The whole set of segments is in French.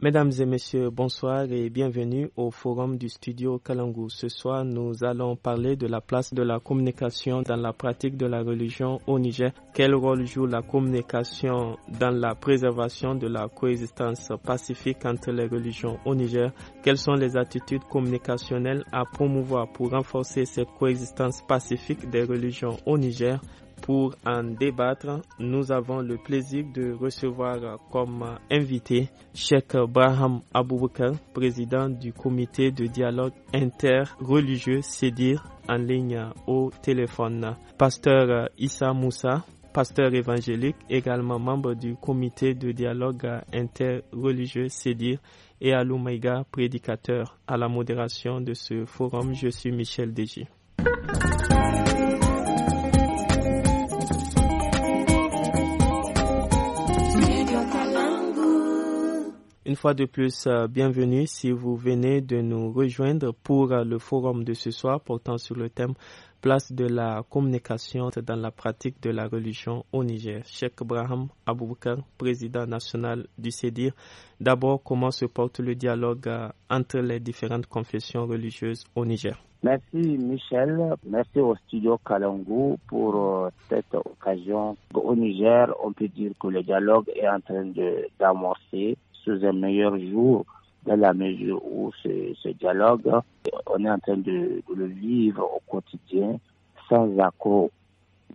Mesdames et messieurs, bonsoir et bienvenue au forum du studio Kalangu. Ce soir, nous allons parler de la place de la communication dans la pratique de la religion au Niger. Quel rôle joue la communication dans la préservation de la coexistence pacifique entre les religions au Niger Quelles sont les attitudes communicationnelles à promouvoir pour renforcer cette coexistence pacifique des religions au Niger pour en débattre, nous avons le plaisir de recevoir comme invité Sheikh Braham Aboubakar, président du comité de dialogue interreligieux CEDIR en ligne au téléphone. Pasteur Issa Moussa, pasteur évangélique, également membre du comité de dialogue interreligieux CEDIR et à prédicateur. À la modération de ce forum, je suis Michel Deji. Une fois de plus, euh, bienvenue si vous venez de nous rejoindre pour euh, le forum de ce soir portant sur le thème Place de la communication dans la pratique de la religion au Niger. Cheikh Braham Aboubakar, président national du CEDIR. D'abord, comment se porte le dialogue euh, entre les différentes confessions religieuses au Niger Merci Michel, merci au studio Kalangu pour cette occasion. Au Niger, on peut dire que le dialogue est en train d'amorcer un meilleur jour dans la mesure où ce, dialogue, on est en train de, le vivre au quotidien sans accord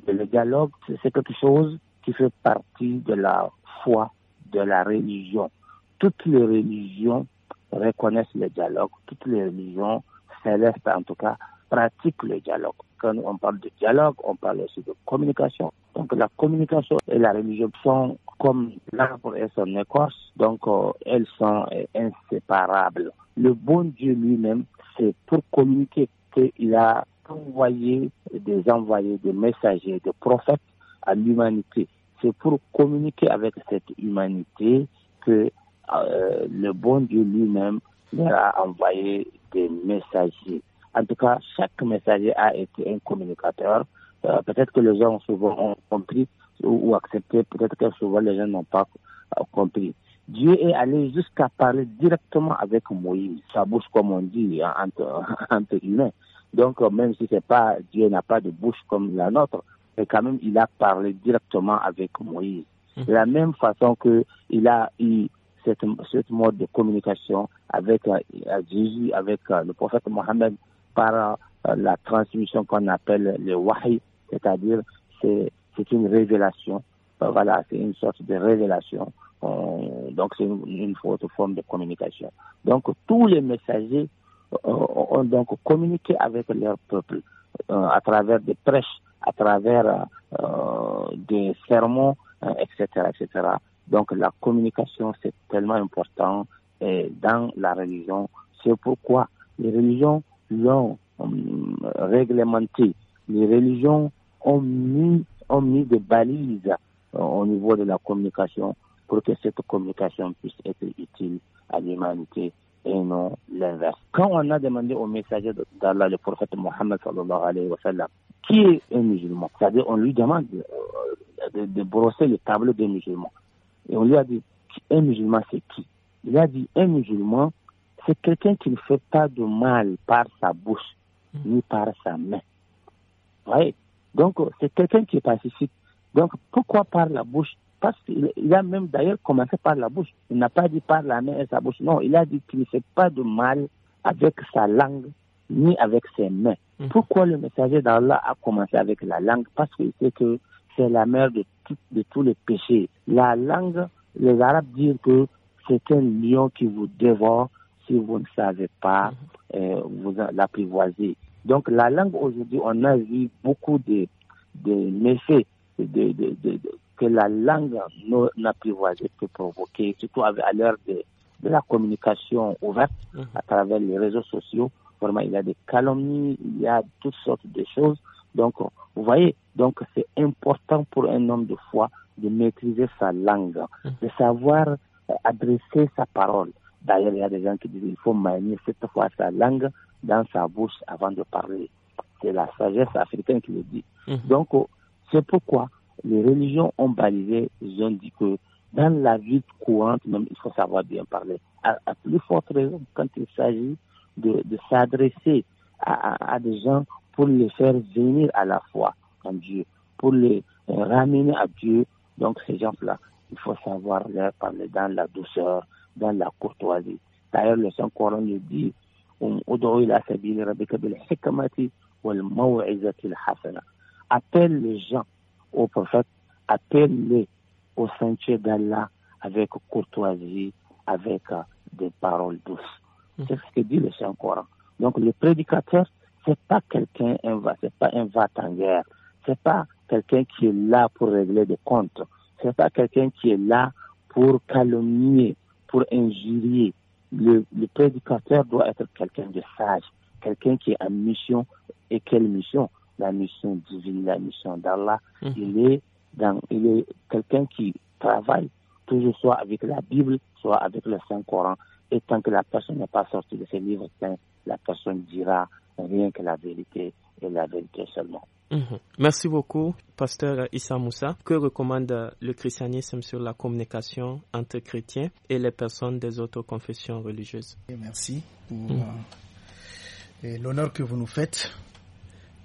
Le dialogue, c'est quelque chose qui fait partie de la foi, de la religion. Toutes les religions reconnaissent le dialogue, toutes les religions célestes en tout cas pratiquent le dialogue. Quand on parle de dialogue, on parle aussi de communication, donc la communication et la religion sont comme l'arbre et son écorce, donc euh, elles sont inséparables. Le bon Dieu lui-même, c'est pour communiquer qu'il a envoyé des envoyés, des messagers, des prophètes à l'humanité. C'est pour communiquer avec cette humanité que euh, le bon Dieu lui-même leur a envoyé des messagers. En tout cas, chaque messager a été un communicateur euh, peut-être que les gens ont souvent compris ou, accepté, peut-être que souvent les gens n'ont pas euh, compris. Dieu est allé jusqu'à parler directement avec Moïse, sa bouche comme on dit hein, entre, humains. Donc euh, même si c'est pas Dieu n'a pas de bouche comme la nôtre, mais quand même il a parlé directement avec Moïse. Mmh. De la même façon que il a eu cette, mode de communication avec Jésus, avec le prophète Mohammed par la transmission qu'on appelle le wahi, c'est-à-dire c'est, une révélation, euh, voilà, c'est une sorte de révélation, euh, donc c'est une, autre forme de communication. Donc tous les messagers euh, ont donc communiqué avec leur peuple à travers des prêches, à travers des sermons, etc., etc. Donc la communication c'est tellement important dans la religion. C'est pourquoi les religions l'ont hum, réglementé les religions ont mis, ont mis des balises euh, au niveau de la communication pour que cette communication puisse être utile à l'humanité et non l'inverse. Quand on a demandé au messager d'Allah, le prophète Mohammed qui est un musulman, c'est-à-dire on lui demande euh, de, de brosser le tableau des musulmans. Et on lui a dit, un musulman c'est qui Il a dit, un musulman, c'est quelqu'un qui ne fait pas de mal par sa bouche, mmh. ni par sa main, oui, Donc, euh, c'est quelqu'un qui est pacifique. Donc, pourquoi par la bouche Parce qu'il a même d'ailleurs commencé par la bouche. Il n'a pas dit par la main et sa bouche. Non, il a dit qu'il ne fait pas de mal avec sa langue ni avec ses mains. Mmh. Pourquoi le messager d'Allah a commencé avec la langue Parce qu'il sait que c'est la mère de, de tous les péchés. La langue, les Arabes disent que c'est un lion qui vous dévore si vous ne savez pas mmh. euh, vous vous l'apprivoiser. Donc la langue aujourd'hui, on a vu beaucoup de, de méfaits de, de, de, que la langue n'a peut provoquer, surtout à l'heure de, la communication ouverte mhm. à travers les réseaux sociaux. Vraiment, il y a des calomnies, il y a toutes sortes de choses. Donc, vous voyez, donc c'est important pour un homme de foi de maîtriser sa langue, mhm. de savoir euh, adresser sa parole. D'ailleurs, il y a des gens qui disent qu'il faut manier cette fois sa langue dans sa bouche avant de parler. C'est la sagesse africaine qui le dit. Mhm. Donc, oh, c'est pourquoi les religions ont balisé, ils ont dit que dans la vie courante, même, il faut savoir bien parler. À, plus forte raison quand il s'agit de, de s'adresser à, des gens pour les faire venir à la foi en Dieu, pour les euh, ramener à Dieu. Donc, ces gens-là, il faut savoir leur parler dans la douceur, dans la courtoisie. D'ailleurs, le Saint-Coran nous dit appelle les gens au prophète appelle-les au sentier d'Allah avec courtoisie avec euh, des paroles douces hmm. c'est ce que dit le Saint Coran donc le prédicateur c'est pas quelqu'un c'est pas un va en guerre c'est pas quelqu'un qui est là pour régler des comptes c'est pas quelqu'un qui est là pour calomnier pour injurier le, prédicateur doit être quelqu'un de sage, quelqu'un qui a une mission. Et quelle mission La mission divine, la mission d'Allah. Mhm. Il est, est quelqu'un qui travaille toujours soit avec la Bible, soit avec le Saint-Coran. Et tant que la personne n'est pas sortie de ses livres saints, la personne dira rien que la vérité et la vérité seulement. Mhm. Merci beaucoup, pasteur Issa Moussa. Que recommande le christianisme sur la communication entre chrétiens et les personnes des autres confessions religieuses Merci pour mhm. euh, l'honneur que vous nous faites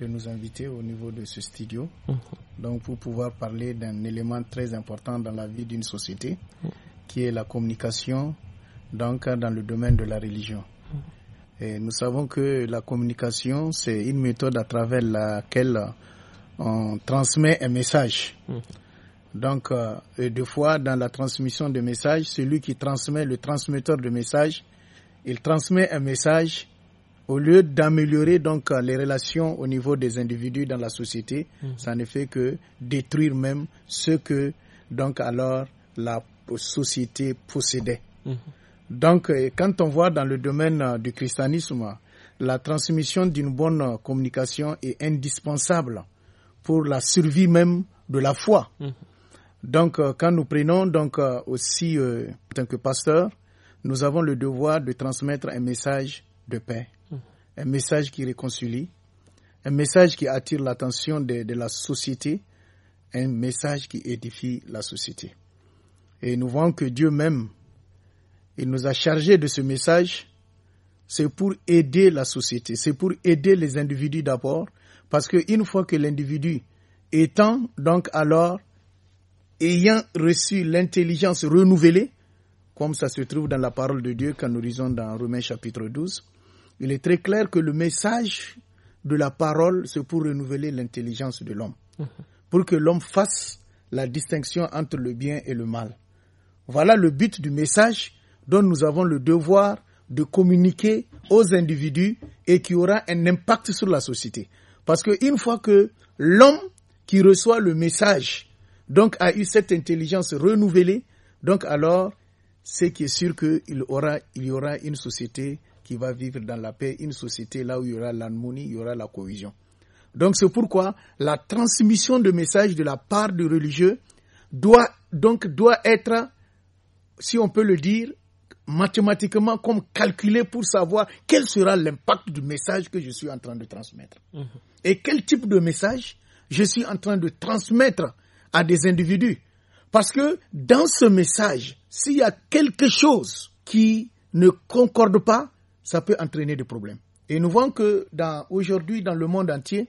de nous inviter au niveau de ce studio, mhm. donc pour pouvoir parler d'un élément très important dans la vie d'une société, qui est la communication, donc dans le domaine de la religion nous savons que la communication, c'est une méthode à travers laquelle on transmet un message. Mm. Donc, euh, deux fois, dans la transmission de messages, celui qui transmet, le transmetteur de messages, il transmet un message au lieu d'améliorer donc euh, les relations au niveau des individus dans la société, mm. ça ne fait que détruire même ce que donc alors la société possédait. Mm. Donc, euh, quand on voit dans le domaine euh, du christianisme, la transmission d'une bonne euh, communication est indispensable pour la survie même de la foi. Mmh. Donc, quand nous prenons donc aussi en tant que pasteur, nous avons le devoir de transmettre un message de paix, mmh. un message qui réconcilie, un message qui attire l'attention de, de, la société, un message qui édifie la société. Et nous voyons que Dieu même il nous a chargé de ce message, c'est pour aider la société, c'est pour aider les individus d'abord, parce qu'une fois que l'individu étant donc alors ayant reçu l'intelligence renouvelée, comme ça se trouve dans la parole de Dieu quand nous lisons dans Romains chapitre 12, il est très clair que le message de la parole, c'est pour renouveler l'intelligence de l'homme, mhm. pour que l'homme fasse la distinction entre le bien et le mal. Voilà le but du message dont nous avons le devoir de communiquer aux individus et qui aura un impact sur la société. Parce qu'une fois que l'homme qui reçoit le message, donc a eu cette intelligence renouvelée, donc alors c'est qui est sûr qu'il aura, il y aura une société qui va vivre dans la paix, une société là où il y aura l'harmonie, il y aura la cohésion. Donc c'est pourquoi la transmission de messages de la part du religieux doit donc doit être, si on peut le dire, mathématiquement comme calculé pour savoir quel sera l'impact du message que je suis en train de transmettre. Mhm. Et quel type de message je suis en train de transmettre à des individus. Parce que dans ce message, s'il y a quelque chose qui ne concorde pas, ça peut entraîner des problèmes. Et nous voyons que dans, aujourd'hui, dans le monde entier,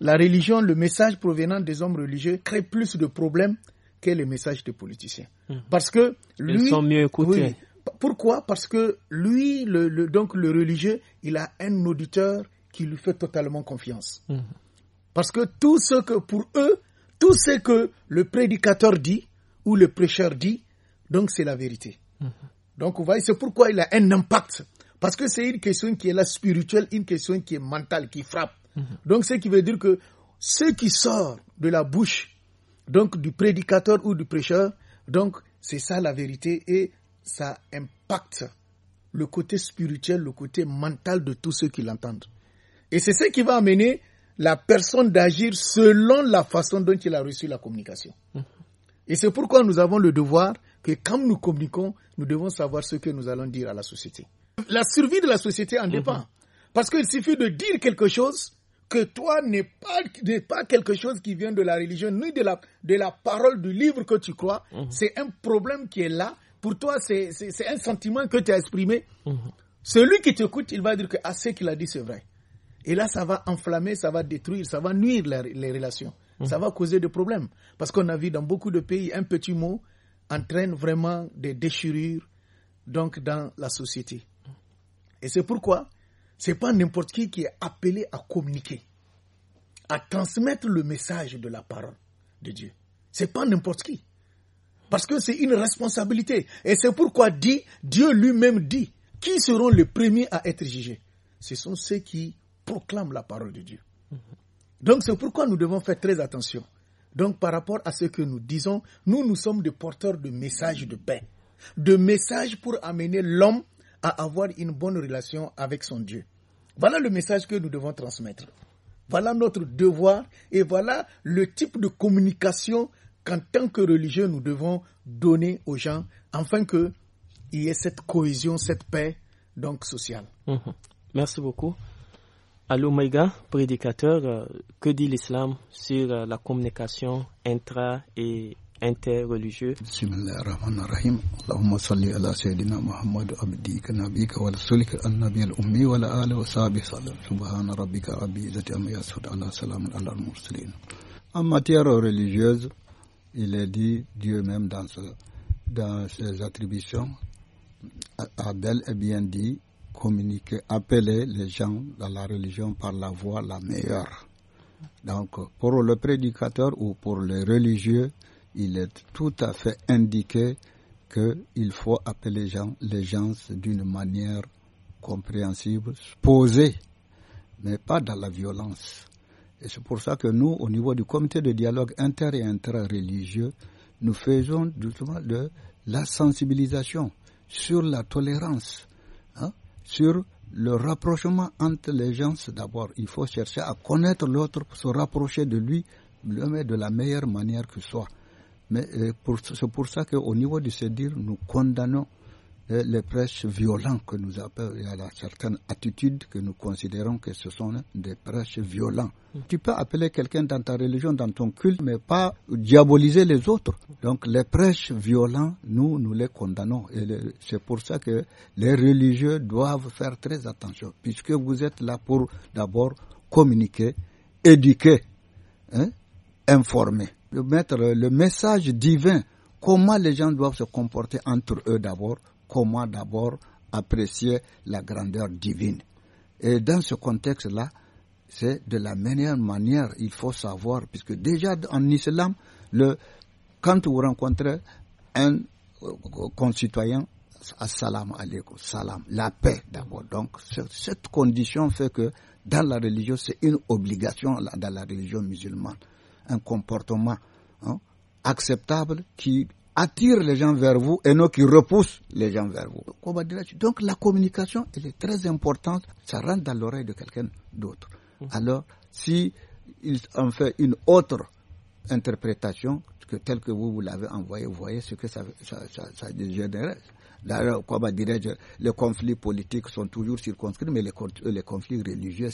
la religion, le message provenant des hommes religieux crée plus de problèmes que les messages des politiciens. Mhm. Parce que Ils sont mieux écoutés. Pourquoi Parce que lui, le, donc le religieux, il a un auditeur qui lui fait totalement confiance. Mm-hmm. Parce que tout ce que, pour eux, tout ce que le prédicateur dit ou le prêcheur dit, donc c'est la vérité. Mm-hmm. Donc vous voyez, c'est pourquoi il a un impact. Parce que c'est une question qui est là spirituelle, une question qui est mentale, qui frappe. Mm-hmm. Donc ce qui veut dire que ce qui sort de la bouche donc du prédicateur ou du prêcheur, donc c'est ça la vérité et ça impacte le côté spirituel, le côté mental de tous ceux qui l'entendent. Et c'est ce qui va amener la personne d'agir selon la façon dont il a reçu la communication. Et c'est pourquoi nous avons le devoir que quand nous communiquons, nous devons savoir ce que nous allons dire à la société. La survie de la société en dépend. Parce qu'il suffit de dire quelque chose que toi n'es pas, quelque chose qui vient de la religion, ni de la, de la parole du livre que tu crois. Mmh. C'est un problème qui est là pour toi, c'est un sentiment que tu as exprimé. Mhm. Celui qui t'écoute, il va dire que ah, ce qu'il a dit, c'est vrai. Et là, ça va enflammer, ça va détruire, ça va nuire les relations. Mhm. Ça va causer des problèmes. Parce qu'on a vu dans beaucoup de pays, un petit mot entraîne vraiment des déchirures donc, dans la société. Et c'est pourquoi c'est pas n'importe qui qui est appelé à communiquer, à transmettre le message de la parole de Dieu. C'est pas n'importe qui. Parce que c'est une responsabilité. Et c'est pourquoi dit, Dieu lui-même dit, qui seront les premiers à être jugés Ce sont ceux qui proclament la parole de Dieu. Mm-hmm. Donc c'est pourquoi nous devons faire très attention. Donc par rapport à ce que nous disons, nous, nous sommes des porteurs de messages de paix, de messages pour amener l'homme à avoir une bonne relation avec son Dieu. Voilà le message que nous devons transmettre. Voilà notre devoir et voilà le type de communication en tant que religieux, nous devons donner aux gens afin qu'il y ait cette cohésion, cette paix donc sociale. Mhm. Merci beaucoup. Allô Maïga, prédicateur, euh, que dit l'islam sur euh, la communication intra et interreligieux En matière religieuse, il est dit Dieu même dans, ses attributions, a bel bien dit communiquer, appeler les gens dans la religion par la voie la meilleure. Donc pour le prédicateur ou pour les religieux, il est tout à fait indiqué qu'il faut appeler les gens, les gens d'une manière compréhensible, posée, mais pas dans la violence. Et c'est pour ça que nous, au niveau du comité de dialogue inter et intra-religieux, nous faisons justement de la sensibilisation sur la tolérance, hein, sur le rapprochement entre les gens. D'abord, il faut chercher à connaître l'autre, se rapprocher de lui, de la meilleure manière que soit. Mais euh, c'est pour ça qu'au niveau du CEDIR, nous condamnons euh, les prêches violents que nous appelons, il y a certaines attitudes que nous considérons que ce sont des prêches violents. Mm. Tu peux appeler quelqu'un dans ta religion, dans ton culte, mais pas diaboliser les autres. Donc les prêches violents, nous, nous les condamnons. Et c'est pour ça que les religieux doivent faire très attention, puisque vous êtes là pour d'abord communiquer, éduquer, hein, informer, mettre le message divin, comment les gens doivent se comporter entre eux d'abord comment d'abord apprécier la grandeur divine. Et dans ce contexte-là, c'est de la meilleure manière, il faut savoir, puisque déjà en islam, le, quand vous rencontrez un euh, concitoyen, salam, la paix d'abord. Donc, cette condition fait que dans la religion, c'est une obligation dans la religion musulmane, un comportement hein, acceptable qui attire les gens vers vous et non qui repousse les gens vers vous. Donc la communication, elle est très importante. Ça rentre dans l'oreille de quelqu'un d'autre. Mmh. Alors, si ils en fait une autre interprétation que telle que vous, vous l'avez envoyée, vous voyez ce que ça, ça, D'ailleurs, dirais les conflits politiques sont toujours circonscrits, mais les, conflits religieux,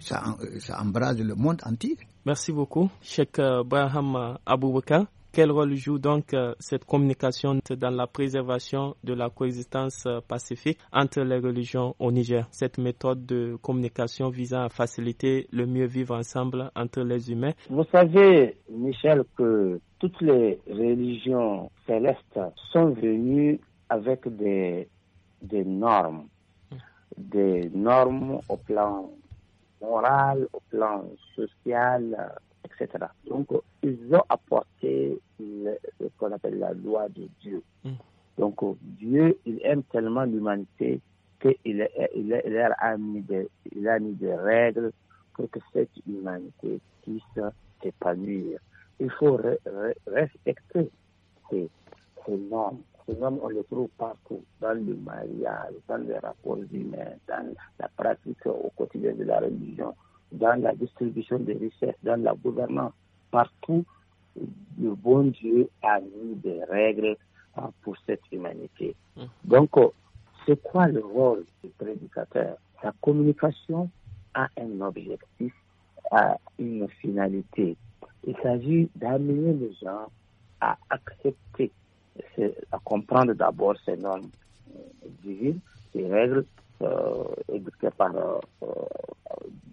ça, embrase le monde entier. Merci beaucoup, Cheikh euh, Braham euh, Abubakar quel rôle joue donc euh, cette communication dans la préservation de la coexistence euh, pacifique entre les religions au Niger Cette méthode de communication visant à faciliter le mieux vivre ensemble entre les humains Vous savez, Michel, que toutes les religions célestes sont venues avec des, des normes, des normes au plan moral, au plan social, etc. Donc, ils ont apporté ce qu'on appelle la loi de Dieu. Mm. Donc, Dieu, il aime tellement l'humanité qu'il il, a, mis des, règles pour que cette humanité puisse s'épanouir. Il faut respecter ces, ces normes. Ces normes, on les trouve partout, dans le mariage, dans les rapports humains, dans la pratique au quotidien de la religion dans la distribution des richesses, dans la gouvernance. Partout, le bon Dieu a mis des règles hein, pour cette humanité. Mmh. Donc, euh, c'est quoi le rôle du prédicateur La communication a un objectif, a une finalité. Il s'agit d'amener les gens à accepter, à comprendre d'abord ces normes euh, divines, ces règles euh, par euh,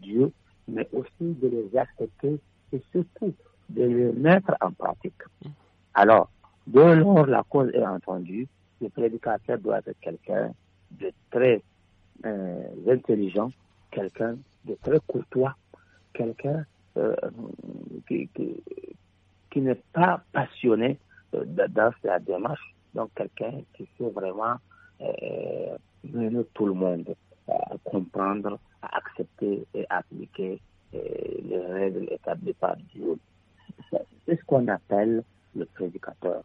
Dieu mais aussi de les accepter et surtout de les mettre en pratique. Alors, dès lors la cause est entendue, le prédicateur doit être quelqu'un de très euh, intelligent, quelqu'un de très courtois, quelqu'un euh, qui, n'est pas passionné euh, dans sa démarche, donc quelqu'un qui sait vraiment mener tout le monde à comprendre, à accepter et à appliquer euh, les règles établies par Dieu. C'est ce qu'on appelle le prédicateur.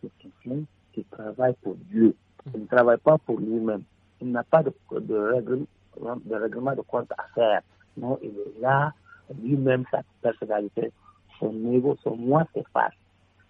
C'est quelqu'un qui travaille pour Dieu. Il ne travaille pas pour lui-même. Il n'a pas de, de, de règlement de compte à faire. Non, il est là, lui-même, sa personnalité, son niveau, son moi faces.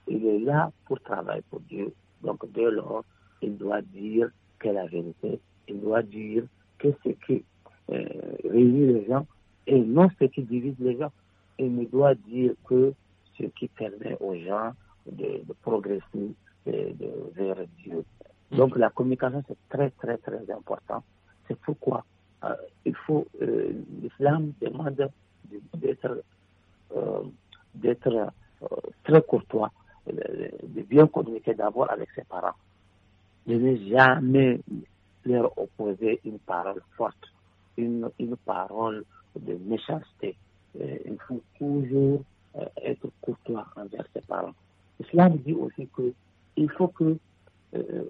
Il est là pour travailler pour Dieu. Donc, dès lors, il doit dire quelle est la vérité. Il doit dire que ce qui euh, réunit les gens et non ce qui divise les gens. Il ne doit dire que ce qui permet aux gens de, progresser vers Dieu. Mm-hmm. Donc la communication, c'est très, très, très important. C'est pourquoi euh, il faut, euh, l'islam demande d'être très courtois, de bien communiquer d'abord avec ses parents, de ne jamais leur opposer une parole forte, une, parole de méchanceté. Euh, il faut toujours euh, être courtois envers ses parents. me dit aussi qu'il faut que euh,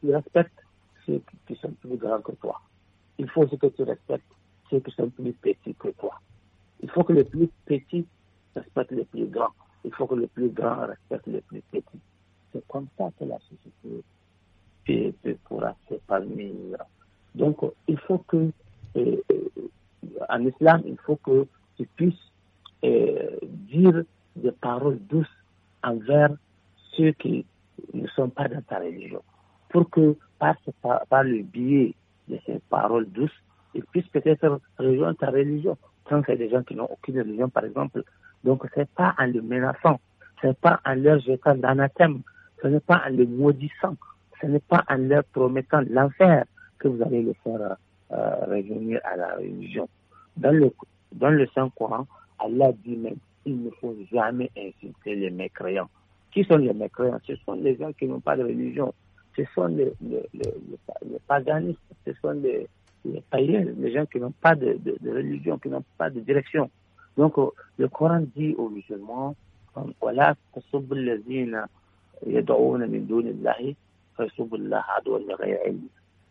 tu respectes ceux qui sont plus grands que toi. Il faut que tu respectes ceux qui sont plus petits que toi. Il faut que les plus petits respectent les plus grands. Il faut que les plus grands respectent les plus petits. C'est comme ça que la société et pour se parmi. Donc, il faut que, euh, euh, en islam, il faut que tu puisses euh, dire des paroles douces envers ceux qui ne sont pas dans ta religion, pour que par, le biais de ces paroles douces, ils puissent peut-être rejoindre ta religion. Quand c'est des gens qui n'ont aucune religion, par exemple. Donc, ce n'est pas en les menaçant, ce n'est pas en leur jetant d'anathème, ce n'est pas en les maudissant ce n'est pas en leur promettant l'enfer que vous allez le faire revenir à la religion. Dans le, dans le Saint-Coran, Allah dit même, il ne faut jamais insulter les mécréants. Qui sont les mécréants Ce sont les gens qui n'ont pas de religion. Ce sont les, paganistes, ce sont les, païens, les gens qui n'ont pas de, religion, qui n'ont pas de direction. Donc, le Coran dit aux musulmans, voilà, les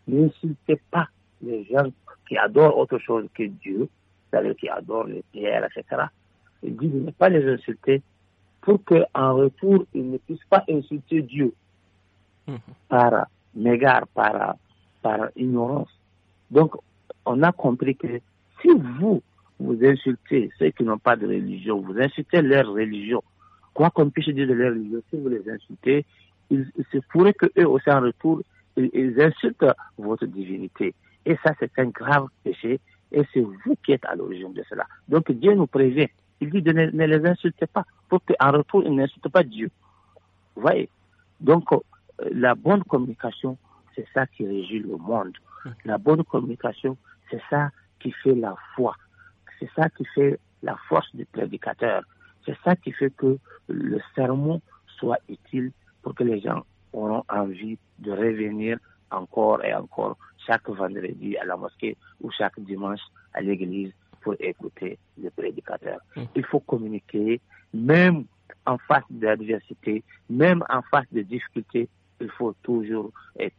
N'insultez pas les gens qui adorent autre chose que Dieu, c'est-à-dire qui adorent les pierres, etc. Il dit de ne pas les insulter pour qu'en retour, ils ne puissent pas insulter Dieu mm-hmm. par mégare, par ignorance. Donc, on a compris que si vous, vous insultez ceux qui n'ont pas de religion, vous insultez leur religion, quoi qu'on puisse dire de leur religion, si vous les insultez, il, se pourrait qu'eux aussi en retour, ils, insultent votre divinité. Et ça, c'est un grave péché. Et c'est vous qui êtes à l'origine de cela. Donc Dieu nous prévient. Il dit de ne, les insultez pas pour qu'en retour, ils n'insultent pas Dieu. Vous voyez Donc, euh, la bonne communication, c'est ça qui régit le monde. La bonne communication, c'est ça qui fait la foi. C'est ça qui fait la force du prédicateur. C'est ça qui fait que le sermon soit utile pour que les gens auront envie de revenir encore et encore chaque vendredi à la mosquée ou chaque dimanche à l'église pour écouter le prédicateur. Hum. Il faut communiquer, même en face d'adversité, même en face de difficultés, il faut toujours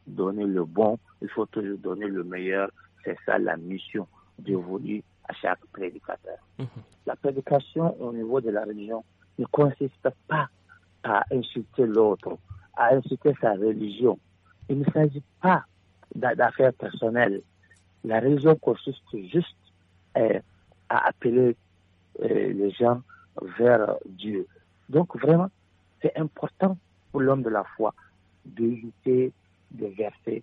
donner le bon, il faut toujours donner le meilleur. C'est ça la mission dévolue à chaque prédicateur. Hum, hum. La prédication au niveau de la religion ne consiste pas à insulter l'autre, à insulter sa religion. Il ne s'agit pas d'affaires personnelles. La religion consiste juste euh, à appeler euh, les gens vers Dieu. Donc vraiment, c'est important pour l'homme de la foi d'éviter de verser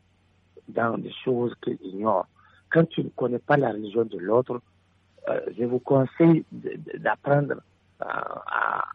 dans des choses qu'il ignore. Quand tu ne connais pas la religion de l'autre, euh, je vous conseille d'apprendre à,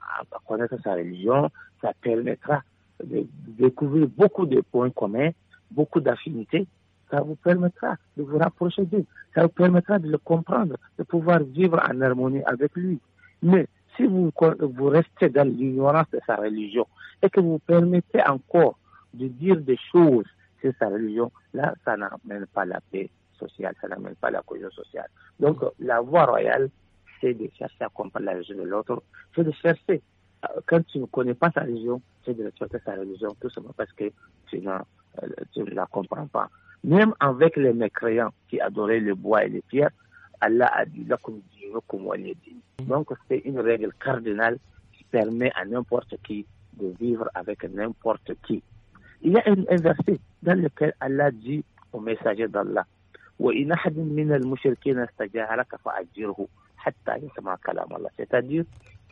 connaître sa religion, ça permettra de, découvrir beaucoup de points communs, beaucoup d'affinités. Ça vous permettra de vous rapprocher d'eux. Ça vous permettra de le comprendre, de pouvoir vivre en harmonie avec lui. Mais si vous, vous restez dans l'ignorance de sa religion et que vous permettez encore de dire des choses sur sa religion, là, ça n'amène pas la paix sociale, ça n'amène pas la cohésion sociale. Donc, la voie royale, c'est de chercher à comprendre la religion de l'autre, c'est de chercher. Quand tu ne connais pas sa religion, c'est de respecter sa religion, tout simplement parce que tu, euh, tu ne la comprends pas. Même avec les mécréants qui adoraient le bois et les pierres, Allah a dit Donc c'est une règle cardinale qui permet à n'importe qui de vivre avec n'importe qui. Il y a un, verset dans lequel Allah dit au messager d'Allah, c'est-à-dire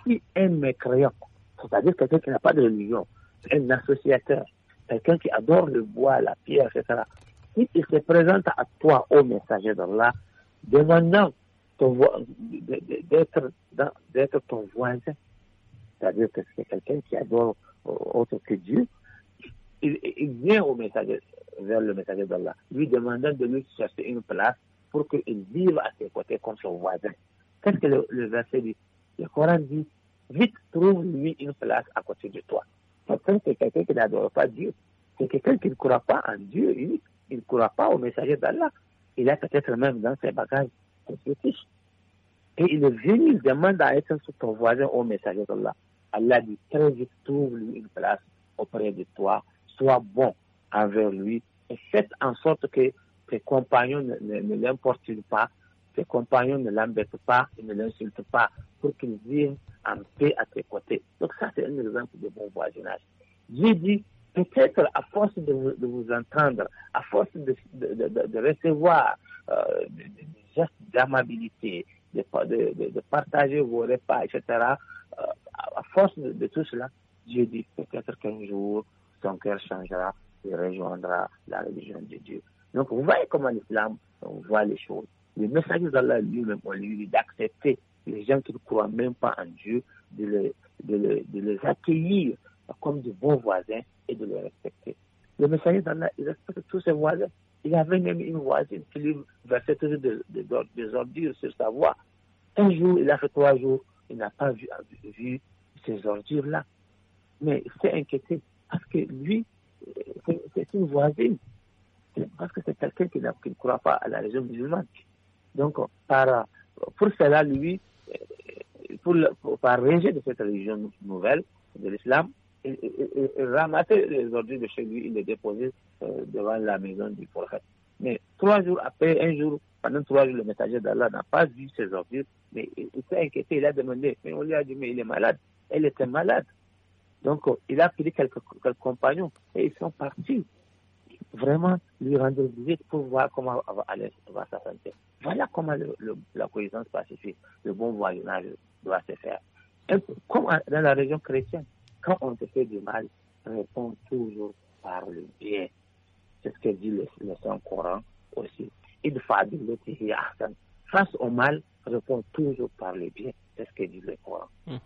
si un mécréant, c'est-à-dire quelqu'un qui n'a pas de religion, un associateur, quelqu'un qui adore le bois, la pierre, etc., si il se présente à toi, au messager d'Allah, demandant d'être ton voisin, c'est-à-dire que c'est quelqu'un qui adore euh, autre que Dieu, il, vient au messager, vers le messager d'Allah, lui demandant de lui chercher une place pour qu'il vive à ses côtés comme son voisin. Qu'est-ce que le, verset dit Le Coran dit Vite, trouve-lui une place à côté de toi. que c'est quelqu'un qui n'adore pas Dieu. C'est quelqu'un qui ne croit pas en Dieu lui. Il ne croit pas au messager d'Allah. Il a peut-être même dans ses bagages un Et il est venu, il demande à être sur ton voisin au messager d'Allah. Allah dit Très vite, trouve-lui une place auprès de toi. Sois bon envers lui et faites en sorte que tes compagnons ne, ne, ne pas ses compagnons ne l'embêtent pas et ne l'insultent pas pour qu'ils vive en paix à ses côtés. Donc ça, c'est un exemple de bon voisinage. J'ai dit, peut-être à force de vous, entendre, à force de, de recevoir euh, des, gestes d'amabilité, de, partager vos repas, etc., euh, à force de, tout cela, je dis peut-être qu'un jour, son cœur changera et rejoindra la religion de Dieu. Donc vous voyez comment l'islam voit les choses. Le message d'Allah lui-même, on lui dit d'accepter les gens qui ne croient même pas en Dieu, de les, de accueillir comme de bons voisins et de les respecter. Le messager d'Allah, il respecte tous ses voisins. Il avait même une voisine qui lui versait toujours des ordures sur sa voie. Un jour, il a fait trois jours, il n'a pas vu, vu ces ordures-là. Mais il s'est inquiété parce que lui, euh, c'est une voisine. Parce que c'est quelqu'un qui, qui ne croit pas à la religion musulmane. Donc, pour cela, lui, euh, pour, par de cette religion nouvelle, de l'islam, il, les ordures de chez lui, il les déposait euh, devant la maison du prophète. Mais trois jours après, un jour, pendant trois jours, le messager d'Allah n'a pas vu ses ordures, mais il, s'est inquiété, il a demandé, mais on lui a dit, mais il est malade. Elle était malade. Donc, il a pris quelques compagnons et ils sont partis vraiment lui rendre visite pour voir comment va, aller, va sa santé. Voilà comment le, le, la cohésion pacifique, le bon voyage doit se faire. comme dans la région chrétienne, quand on te fait du mal, répond toujours par le bien. C'est ce que dit le, Saint-Coran aussi. Face au mal, répond toujours par le bien. C'est ce que dit le Coran. Hmm.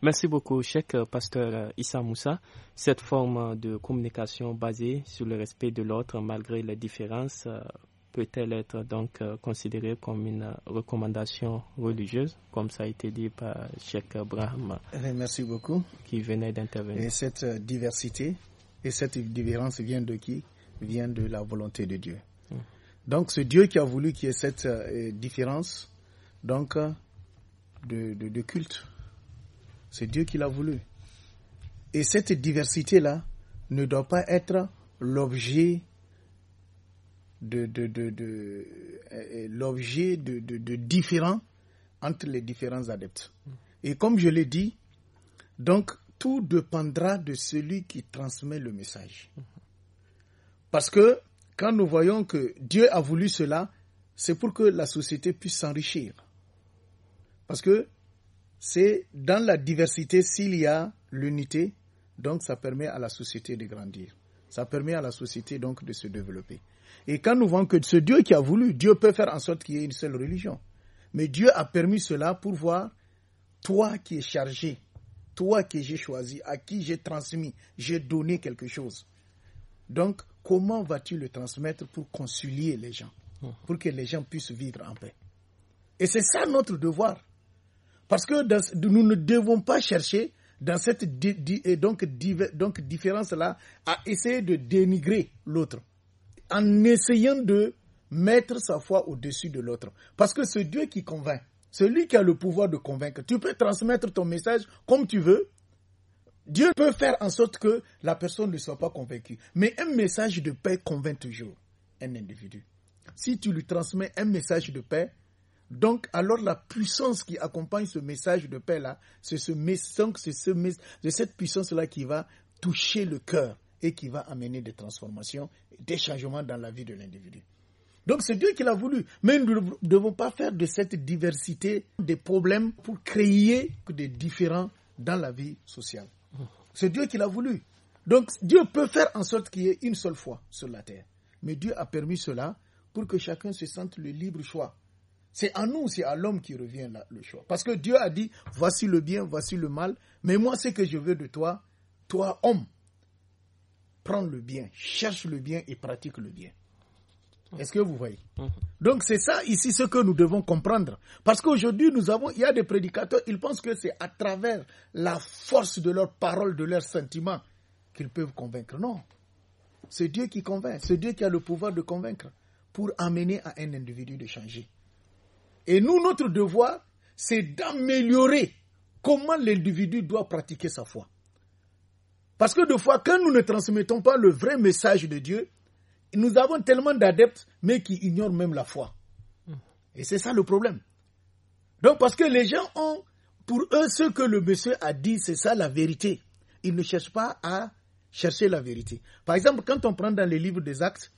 Merci beaucoup, Cheikh, euh, pasteur euh, Issa Moussa. Cette forme euh, de communication basée sur le respect de l'autre malgré les différences peut-elle être donc considérée comme une recommandation religieuse, comme ça a été dit par Cheikh Abraham eh beaucoup. Qui venait d'intervenir. Et cette diversité et cette différence vient de qui Vient de la volonté de Dieu. Mm. Donc c'est Dieu qui a voulu qu'il y ait cette différence donc de culte c'est Dieu qui l'a voulu. Et cette diversité-là ne doit pas être l'objet de, de, euh, euh, l'objet de, différents entre les différents adeptes. Et comme je l'ai dit, donc tout dépendra de celui qui transmet le message. Parce que quand nous voyons que Dieu a voulu cela, c'est pour que la société puisse s'enrichir. Parce que c'est dans la diversité, s'il y a l'unité, donc ça permet à la société de grandir. Ça permet à la société donc de se développer. Et quand nous voyons que ce Dieu qui a voulu, Dieu peut faire en sorte qu'il y ait une seule religion. Mais Dieu a permis cela pour voir toi qui es chargé, toi que j'ai choisi, à qui j'ai transmis, j'ai donné quelque chose. Donc, comment vas-tu le transmettre pour concilier les gens, mmh. pour que les gens puissent vivre en paix Et c'est ça notre devoir. Parce que nous ne devons pas chercher dans cette donc, donc différence-là à essayer de dénigrer l'autre en essayant de mettre sa foi au-dessus de l'autre. Parce que c'est Dieu qui convainc, celui qui a le pouvoir de convaincre. Tu peux transmettre ton message comme tu veux. Dieu peut faire en sorte que la personne ne soit pas convaincue. Mais un message de paix convainc toujours un individu. Si tu lui transmets un message de paix, donc, alors, la puissance qui accompagne ce message de paix-là, c'est ce, ce, de cette puissance-là qui va toucher le cœur et qui va amener des transformations, des changements dans la vie de l'individu. Donc, c'est Dieu qui l'a voulu. Mais nous ne devons pas faire de cette diversité des problèmes pour créer des différents dans la vie sociale. C'est Dieu qui l'a voulu. Donc, Dieu peut faire en sorte qu'il y ait une seule foi sur la terre. Mais Dieu a permis cela pour que chacun se sente le libre choix c'est à nous, c'est à l'homme qui revient le choix. Parce que Dieu a dit, voici le bien, voici le mal, mais moi ce que je veux de toi, toi homme, prends le bien, cherche le bien et pratique le bien. Est-ce que vous voyez mhm. Donc c'est ça ici ce que nous devons comprendre. Parce qu'aujourd'hui, nous avons, il y a des prédicateurs, ils pensent que c'est à travers la force de leurs paroles, de leurs sentiments, qu'ils peuvent convaincre. Non. C'est Dieu qui convainc, c'est Dieu qui a le pouvoir de convaincre pour amener à un individu de changer. Et nous, notre devoir, c'est d'améliorer comment l'individu doit pratiquer sa foi. Parce que de fois, quand nous ne transmettons pas le vrai message de Dieu, nous avons tellement d'adeptes, mais qui ignorent même la foi. Et c'est ça le problème. Donc, parce que les gens ont, pour eux, ce que le monsieur a dit, c'est ça la vérité. Ils ne cherchent pas à chercher la vérité. Par exemple, quand on prend dans les livres des actes,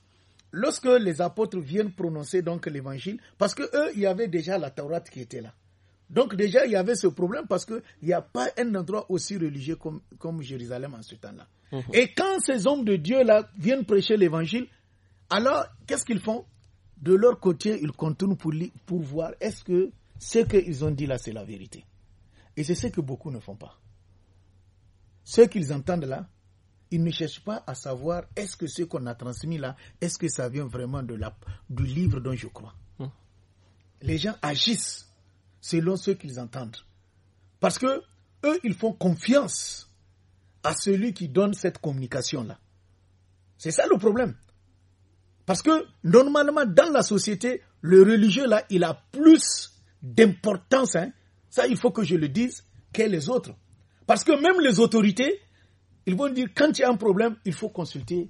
lorsque les apôtres viennent prononcer donc l'évangile, parce que eux, il y avait déjà la Torah qui était là. Donc déjà, il y avait ce problème parce qu'il n'y a pas un endroit aussi religieux comme, comme Jérusalem en ce temps-là. Mhm. Et quand ces hommes de Dieu-là viennent prêcher l'évangile, alors qu'est-ce qu'ils font De leur côté, ils contournent pour voir est-ce que ce qu'ils ont dit là, c'est la vérité. Et c'est ce que beaucoup ne font pas. Ce qu'ils entendent là, ils ne cherchent pas à savoir est-ce que ce qu'on a transmis là, est-ce que ça vient vraiment de la, du livre dont je crois. Hmm. Les gens agissent selon ce qu'ils entendent. Parce que eux, ils font confiance à celui qui donne cette communication-là. C'est ça le problème. Parce que normalement, dans la société, le religieux, là, il a plus d'importance, hein. ça il faut que je le dise, que les autres. Parce que même les autorités, ils vont dire, quand il y a un problème, il faut consulter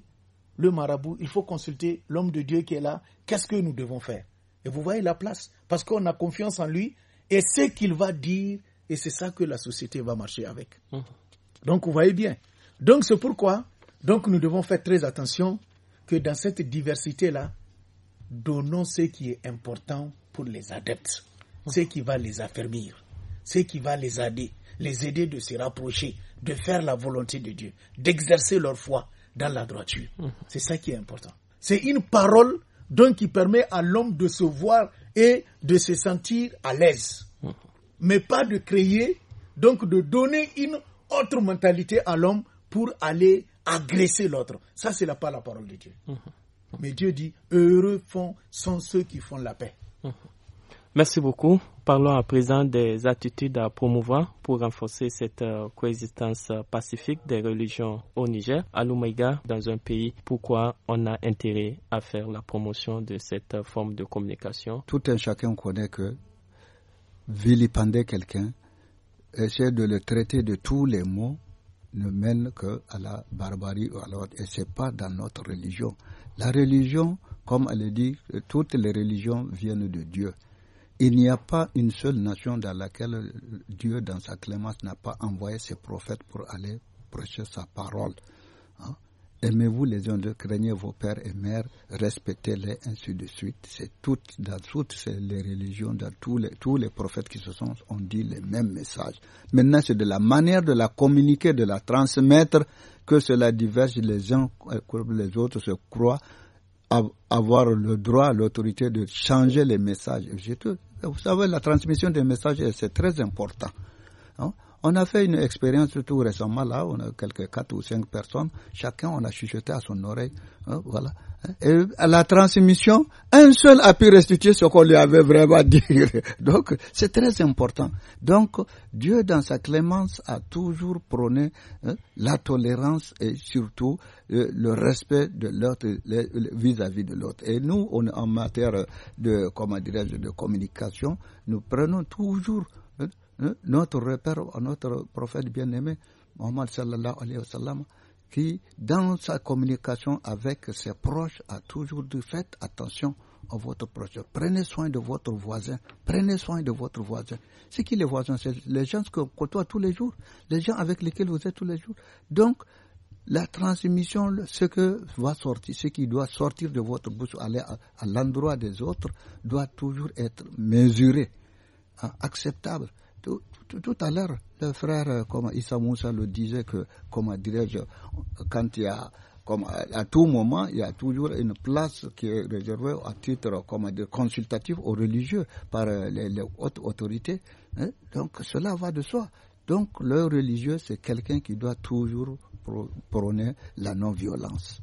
le marabout, il faut consulter l'homme de Dieu qui est là. Qu'est-ce que nous devons faire Et vous voyez la place, parce qu'on a confiance en lui et ce qu'il va dire, et c'est ça que la société va marcher avec. Mhm. Donc vous voyez bien. Donc c'est pourquoi donc nous devons faire très attention que dans cette diversité-là, donnons ce qui est important pour les adeptes, ce qui va les affermir, ce qui va les aider, les aider de se rapprocher, de faire la volonté de Dieu, d'exercer leur foi dans la droiture. Hmm. C'est ça qui est important. C'est une parole donc qui permet à l'homme de se voir et de se sentir à l'aise, hmm. mais pas de créer, donc de donner une autre mentalité à l'homme pour aller agresser l'autre. Ça, c'est n'est pas la parole de Dieu. Hmm. Mais Dieu dit, heureux sont ceux qui font la paix. Merci beaucoup. Parlons à présent des attitudes à promouvoir pour renforcer cette euh, coexistence euh, pacifique des religions au Niger, à l'Omega, dans un pays. Pourquoi on a intérêt à faire la promotion de cette euh, forme de communication Tout un chacun connaît que vilipender quelqu'un, essayer de le traiter de tous les mots, ne mène que à la barbarie ou alors et n'est pas dans notre religion. La religion, comme elle dit, toutes les religions viennent de Dieu. Il n'y a pas une seule nation dans laquelle Dieu, dans sa clémence, n'a pas envoyé ses prophètes pour aller prêcher sa parole. Hein. Aimez-vous les uns d'eux, craignez vos pères et mères, respectez-les, ainsi de suite. C'est dans toutes les religions, dans tous les, tous les prophètes qui se sont, ont dit les mêmes messages. Maintenant, c'est de la manière de la communiquer, de la transmettre, que cela diverge les uns que les autres se croient avoir le droit, l'autorité de changer les messages. Vous savez, la transmission des messages, eh, c'est très important. Hein. On a fait une expérience tout récemment, là, on a quelques quatre ou cinq personnes, chacun on a chuchoté à son oreille, hein, voilà. Hein. Et à la transmission, un seul a pu restituer ce qu'on lui avait vraiment dit. Donc, c'est très important. Donc, Dieu, dans sa clémence, a toujours prôné la tolérance et surtout le respect de l'autre vis-à-vis de l'autre. Et nous, en matière de, comment de communication, nous prenons toujours hein, hein, notre repère, notre prophète bien-aimé, Mohammed sallallahu alayhi wa sallam, qui, dans sa communication avec ses proches, a toujours dit faites attention à votre proche. Prenez soin de votre voisin. Prenez soin de votre voisin. C'est qui les voisins C'est les gens que vous côtoyez tous les jours, les gens avec lesquels vous êtes tous les jours. Donc, la transmission, ce que va sortir, ce qui doit sortir de votre bouche, aller à, l'endroit des autres, doit toujours être mesuré, hein, acceptable. Tout, à l'heure, le frère, euh, comme Issa Moussa le disait, que, comme dirais-je, quand il y a, comme à tout moment, il y a toujours une place qui est réservée à titre comme de consultatif aux religieux par euh, les, hautes autorités. Hein. Donc cela va de soi. Donc le religieux, c'est quelqu'un qui doit toujours prônait la non-violence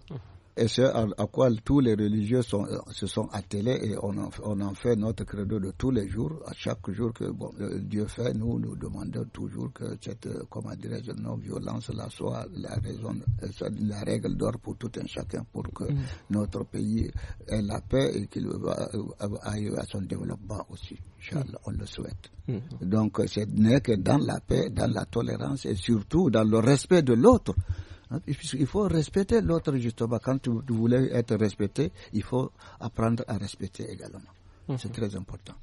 et c'est à, quoi tous les religieux euh, se sont attelés et on en, fait notre credo de tous les jours, à chaque jour que euh, Dieu fait, nous nous demandons toujours que cette, euh, comment dirais-je, non-violence soit la raison, la règle d'or pour tout un chacun pour que mm. notre pays ait la paix et qu'il aille à son développement aussi. Charles, on le souhaite. Mm. Donc, ce n'est que dans la paix, dans la tolérance et surtout dans le respect de l'autre. Hein? Il faut respecter l'autre, justement. Quand vous voulez être respecté, il faut apprendre à respecter également. Mhm. C'est très important.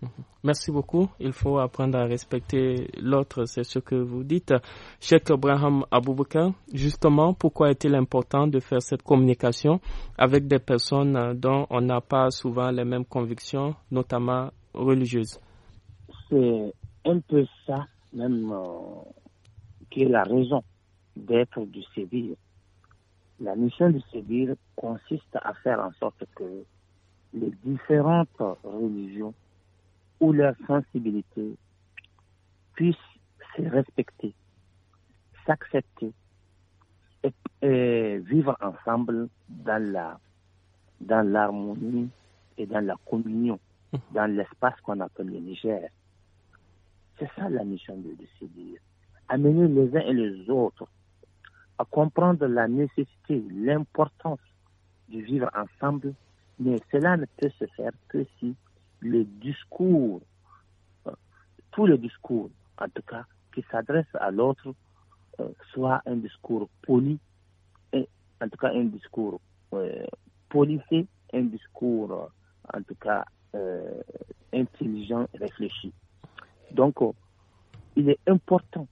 Mhm. Merci beaucoup. Il faut apprendre à respecter l'autre, c'est ce que vous dites. Cheikh Abraham Aboubakar, justement, pourquoi est-il important de faire cette communication avec des personnes dont on n'a pas souvent les mêmes convictions, notamment religieuses C'est un peu ça même euh, qui est la raison d'être du Sévir. La mission du Sévir consiste à faire en sorte que les différentes religions ou leurs sensibilités puissent se respecter, s'accepter et, vivre ensemble dans la dans l'harmonie et dans la communion, mhm. dans l'espace qu'on appelle le Niger. C'est ça la mission de, Séville. Amener les uns et les autres à comprendre la nécessité, l'importance de vivre ensemble, mais cela ne peut se faire que si le discours, tout le discours en tout cas, qui s'adresse à l'autre, euh, soit un discours poli, et, en tout cas un discours euh, un discours euh, en tout cas euh, intelligent, réfléchi. Donc, il est important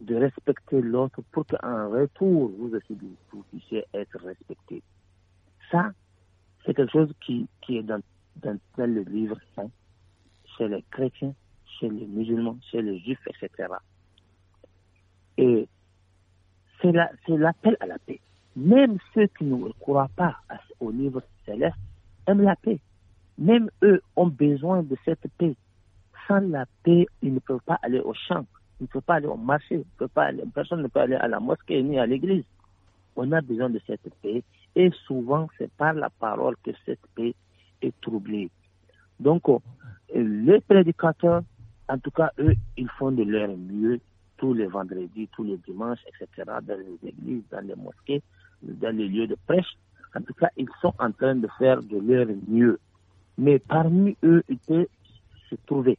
de respecter l'autre pour qu'en retour, vous aussi, puissiez être respecté. Ça, c'est quelque chose qui, qui est dans, dans le livre saint, chez les chrétiens, chez les musulmans, chez les juifs, etc. Et c'est l'appel à la paix. Même ceux qui ne croient pas au livre céleste aiment la paix. Même eux ont besoin de cette paix. Sans la paix, ils ne peuvent pas aller au champ. On ne peut pas aller au marché, on peut pas personne ne peut aller à la mosquée ni à l'église. On a besoin de cette paix. Et souvent, c'est par la parole que cette paix est troublée. Donc, euh, les prédicateurs, en tout cas, eux, ils font de leur mieux tous les vendredis, tous les dimanches, etc., dans les églises, dans les mosquées, dans les lieux de prêche. En tout cas, ils sont en train de faire de leur mieux. Mais parmi eux, il peut se trouver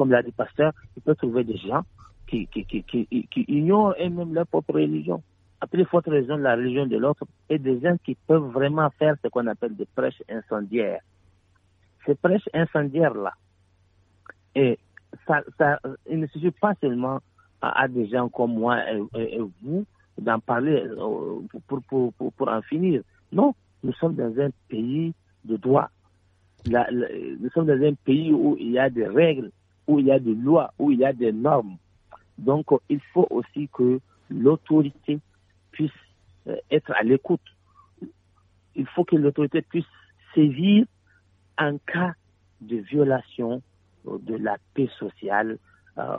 comme l'a dit Pasteur, il peut trouver des gens qui, qui, qui, qui ignorent eux-mêmes leur propre religion. Après, les forte raison, la religion de l'autre et des gens qui peuvent vraiment faire ce qu'on appelle des prêches incendiaires. Ces prêches incendiaires-là, et ça, il ne suffit pas seulement à, des gens comme moi et, vous d'en parler euh, pour, pour, pour, pour, en finir. Non, nous sommes dans un pays de droit. nous sommes dans un pays où il y a des règles où il y a des lois, où il y a des normes. Donc, il faut aussi que l'autorité puisse euh, être à l'écoute. Il faut que l'autorité puisse sévir en cas de violation de la paix sociale euh,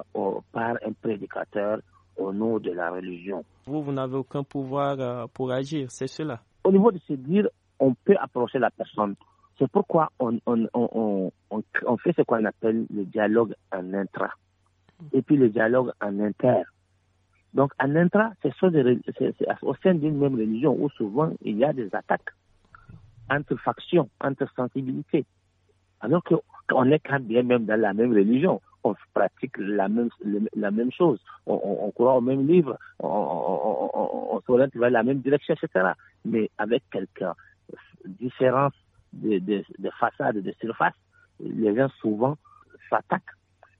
par un prédicateur au nom de la religion. Vous, vous n'avez aucun pouvoir euh, pour agir, c'est cela. Au niveau de se on peut approcher la personne, c'est pourquoi on, on, on, on fait ce qu'on appelle le dialogue en intra et puis le dialogue en inter. Donc en intra, c'est au sein d'une même religion où souvent il y a des attaques entre factions, entre sensibilités. Alors qu'on est quand bien même dans la même religion, on pratique la même, la même chose, on, croit au même livre, on, se on, on vers la même direction, etc. Mais avec quelques différences de, de, de façades, de surface, les gens souvent s'attaquent.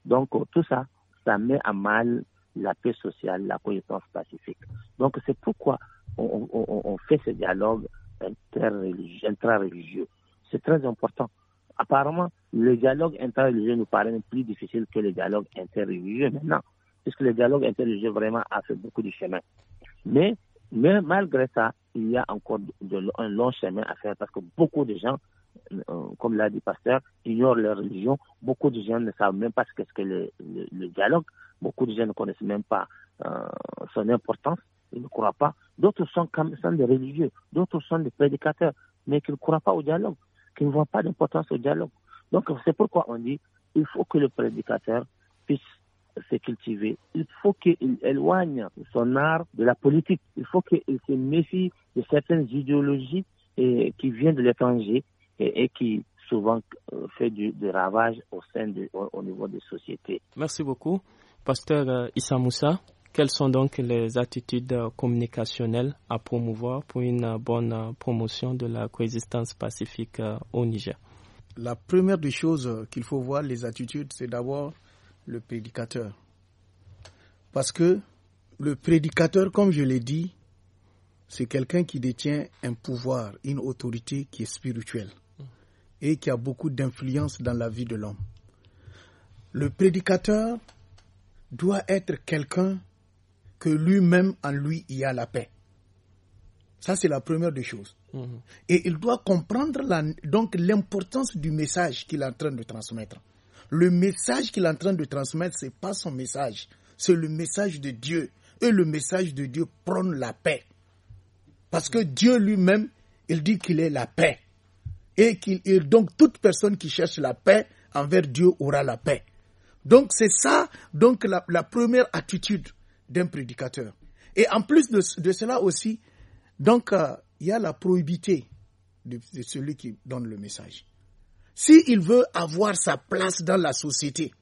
Donc euh, tout ça, ça met à mal la paix sociale, la connaissance pacifique. Donc c'est pourquoi on, fait ce dialogue interreligieux. Intra-religieux. C'est très important. Apparemment, le dialogue interreligieux nous paraît plus difficile que le dialogue interreligieux maintenant, puisque le dialogue interreligieux vraiment a fait beaucoup de chemin. Mais, mais malgré ça, il y a encore un long chemin à faire parce que beaucoup de gens, euh, comme l'a dit Pasteur, ignorent leur religion. Beaucoup de gens ne savent même pas ce qu'est le, que le, dialogue. Beaucoup de gens ne connaissent même pas euh, son importance. Ils ne croient pas. D'autres sont, sont des religieux, d'autres sont des prédicateurs, mais qui ne croient pas au dialogue, qui ne voient pas d'importance au dialogue. Donc c'est pourquoi on dit il faut que le prédicateur puisse s'est cultivée. Il faut qu'il éloigne son art de la politique. Il faut qu'il se méfie de certaines idéologies et, eh, qui viennent de l'étranger eh, et, qui souvent euh, fait du, ravages ravage au sein au, niveau des sociétés. Merci beaucoup. Pasteur euh, Issa Moussa, quelles sont donc les attitudes euh, communicationnelles à promouvoir pour une bonne promotion de la coexistence pacifique au Niger La première des choses qu'il faut voir, les attitudes, c'est d'abord le prédicateur. Parce que le prédicateur, comme je l'ai dit, c'est quelqu'un qui détient un pouvoir, une autorité qui est spirituelle et qui a beaucoup d'influence dans la vie de l'homme. Le prédicateur doit être quelqu'un que lui-même en lui il y a la paix. Ça, c'est la première des choses. Mhm. Et il doit comprendre donc l'importance du message qu'il est en train de transmettre. Le message qu'il est en train de transmettre, ce n'est pas son message, c'est le message de Dieu. Et le message de Dieu prône la paix. Parce que Dieu lui-même, il dit qu'il est la paix. Et, qu'il donc toute personne qui cherche la paix envers Dieu aura la paix. Donc c'est ça, donc la, première attitude d'un prédicateur. Et en plus de, cela aussi, donc euh, il y a la prohibité de celui qui donne le message s'il veut avoir sa place dans la société,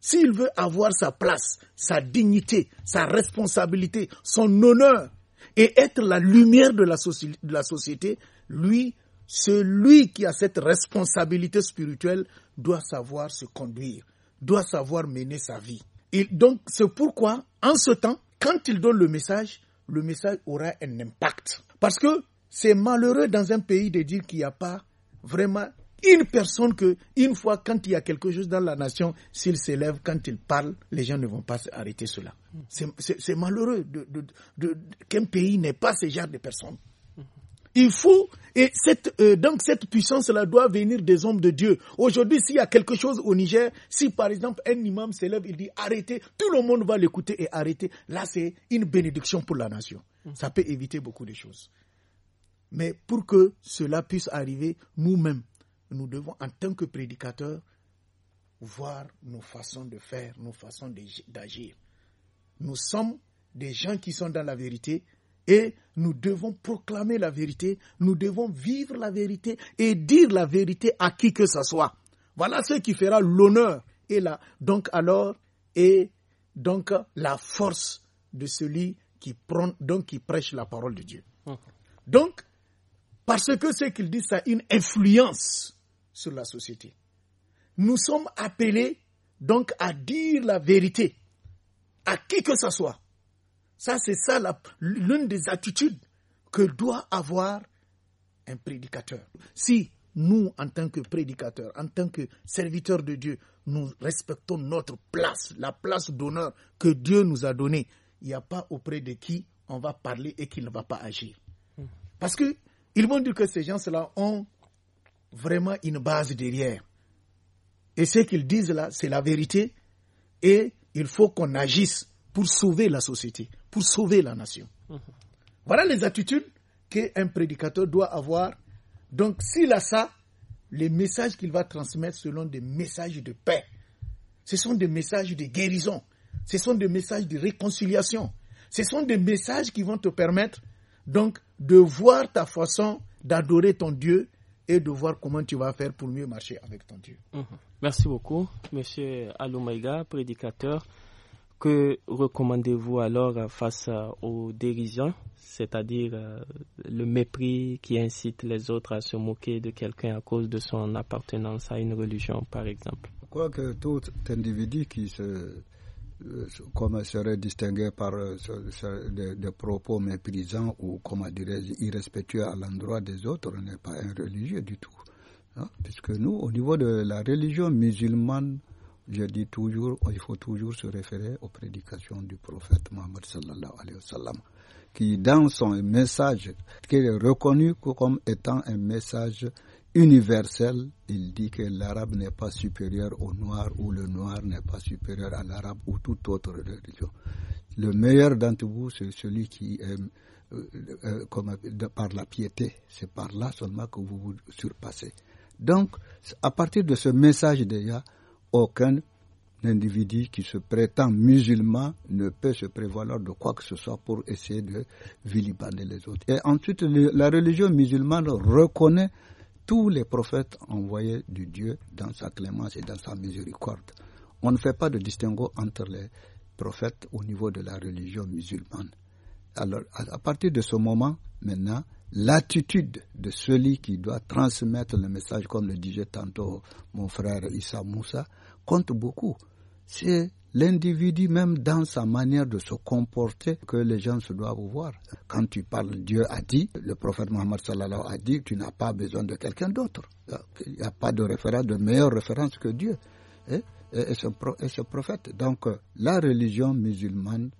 s'il veut avoir sa place, sa dignité, sa responsabilité, son honneur, et être la lumière de la, société, lui, celui qui a cette responsabilité spirituelle doit savoir se conduire, doit savoir mener sa vie. Et donc, c'est pourquoi, en ce temps, quand il donne le message, le message aura un impact. Parce que c'est malheureux dans un pays de dire qu'il n'y a pas vraiment une personne que, une fois, quand il y a quelque chose dans la nation, s'il s'élève, quand il parle, les gens ne vont pas arrêter cela. C'est malheureux de, qu'un pays n'ait pas ce genre de personnes. Il faut, et cette, euh, donc cette puissance-là doit venir des hommes de Dieu. Aujourd'hui, s'il y a quelque chose au Niger, si par exemple un imam s'élève, il dit arrêtez, tout le monde va l'écouter et arrêter. Là, c'est une bénédiction pour la nation. Ça peut éviter beaucoup de choses. Mais pour que cela puisse arriver, nous-mêmes, nous devons, en tant que prédicateurs, voir nos façons de faire, nos façons d'agir. Nous sommes des gens qui sont dans la vérité et nous devons proclamer la vérité, nous devons vivre la vérité et dire la vérité à qui que ce soit. Voilà ce qui fera l'honneur et la, donc alors, et donc la force de celui qui, prend, donc qui prêche la parole de Dieu. Donc, parce que ce qu'il dit ça a une influence sur la société. Nous sommes appelés donc à dire la vérité à qui que ce soit. Ça, c'est ça l'une des attitudes que doit avoir un prédicateur. Si nous, en tant que prédicateurs, en tant que serviteurs de Dieu, nous respectons notre place, la place d'honneur que Dieu nous a donnée, il n'y a pas auprès de qui on va parler et qui ne va pas agir. Hmm. Parce que vont dire que ces gens-là ont vraiment une base derrière. Et ce qu'ils disent là, c'est la vérité et il faut qu'on agisse pour sauver la société, pour sauver la nation. Mhm. Voilà les attitudes qu'un prédicateur doit avoir. Donc s'il a ça, les messages qu'il va transmettre selon des messages de paix. Ce sont des messages de guérison. Ce sont des messages de réconciliation. Ce sont des messages qui vont te permettre donc de voir ta façon d'adorer ton Dieu et de voir comment tu vas faire pour mieux marcher avec ton Dieu. Mhm. Merci beaucoup, Monsieur Aloumaïda, prédicateur. Que recommandez-vous alors euh, face euh, aux dérisions, c'est-à-dire euh, le mépris qui incite les autres à se moquer de quelqu'un à cause de son appartenance à une religion, par exemple Quoique tout individu qui se euh, comme serait distingué par euh, des, propos méprisants ou, comment dirais-je, irrespectueux à l'endroit des autres, n'est pas un religieux du tout. Hein. Puisque nous, au niveau de la religion musulmane, je dis toujours, il faut toujours se référer aux prédications du prophète Mohammed sallallahu alayhi wa sallam, qui dans son message, qui est reconnu comme étant un message universel, il dit que l'arabe n'est pas supérieur au noir ou le noir n'est pas supérieur à l'arabe ou toute autre religion. Le meilleur d'entre vous, c'est celui qui est euh, euh, par la piété. C'est par là seulement que vous vous surpassez. Donc, à partir de ce message déjà, aucun individu qui se prétend musulman ne peut se prévaloir de quoi que ce soit pour essayer de vilipender les autres. Et ensuite, la religion musulmane reconnaît tous les prophètes envoyés de Dieu dans sa clémence et dans sa miséricorde. On ne fait pas de distinguo entre les prophètes au niveau de la religion musulmane. Alors, à partir de ce moment, maintenant, l'attitude de celui qui doit transmettre le message, comme le disait tantôt mon frère Issa Moussa, compte beaucoup. C'est l'individu même dans sa manière de se comporter que les gens se doivent voir. Quand tu parles, Dieu a dit, le prophète Mohammed sallallahu a dit, tu n'as pas besoin de quelqu'un d'autre. Il n'y a pas de référence, de meilleure référence que Dieu et, et, ce, prophète. Donc la religion musulmane,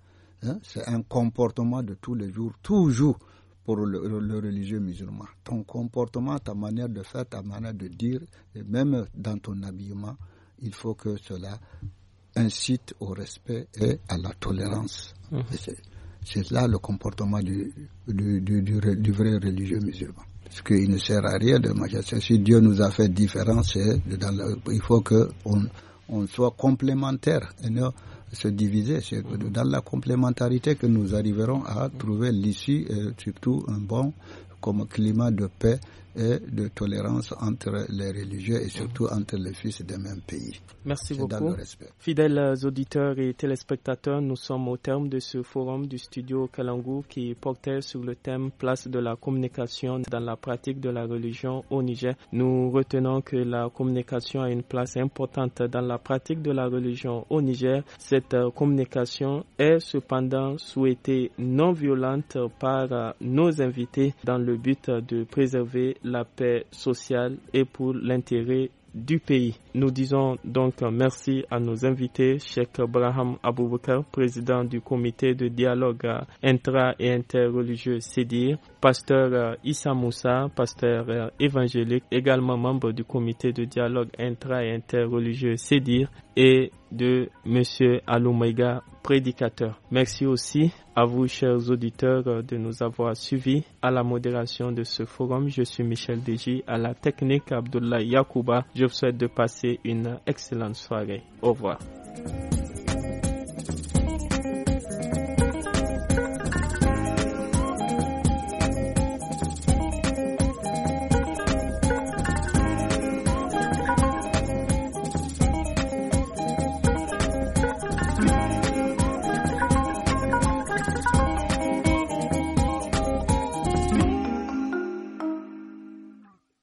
hein, c'est un comportement de tous les jours, toujours pour le, religieux musulman. Ton comportement, ta manière de faire, ta manière de dire, et même dans ton habillement, il faut que cela incite au respect et à la tolérance. Mhm. C'est là le comportement du, du, vrai religieux musulman. Parce qu'il ne sert à rien de majesté. Si Dieu nous a fait différence, il faut qu'on on soit complémentaire et ne se diviser. C'est dans la complémentarité que nous arriverons à trouver l'issue et surtout un bon comme climat de paix et de tolérance entre les religieux et surtout entre les fils d'un même pays. Merci beaucoup. Fidèles auditeurs et téléspectateurs, nous sommes au terme de ce forum du studio Kalangou qui portait sur le thème place de la communication dans la pratique de la religion au Niger. Nous retenons que la communication a une place importante dans la pratique de la religion au Niger. Cette communication est cependant souhaitée non violente par nos invités dans le but de préserver la paix sociale et pour l'intérêt du pays. Nous disons donc merci à nos invités, Cheikh Abraham Aboubakar, président du comité de dialogue intra- et interreligieux CEDIR, pasteur euh, Issa Moussa, pasteur euh, évangélique, également membre du comité de dialogue intra- et interreligieux CEDIR, et de M. Aloumega, prédicateur. Merci aussi à vous, chers auditeurs, euh, de nous avoir suivis à la modération de ce forum. Je suis Michel Deji, à la technique Abdullah Yakuba. Je vous souhaite de passer une excellente soirée. Au revoir.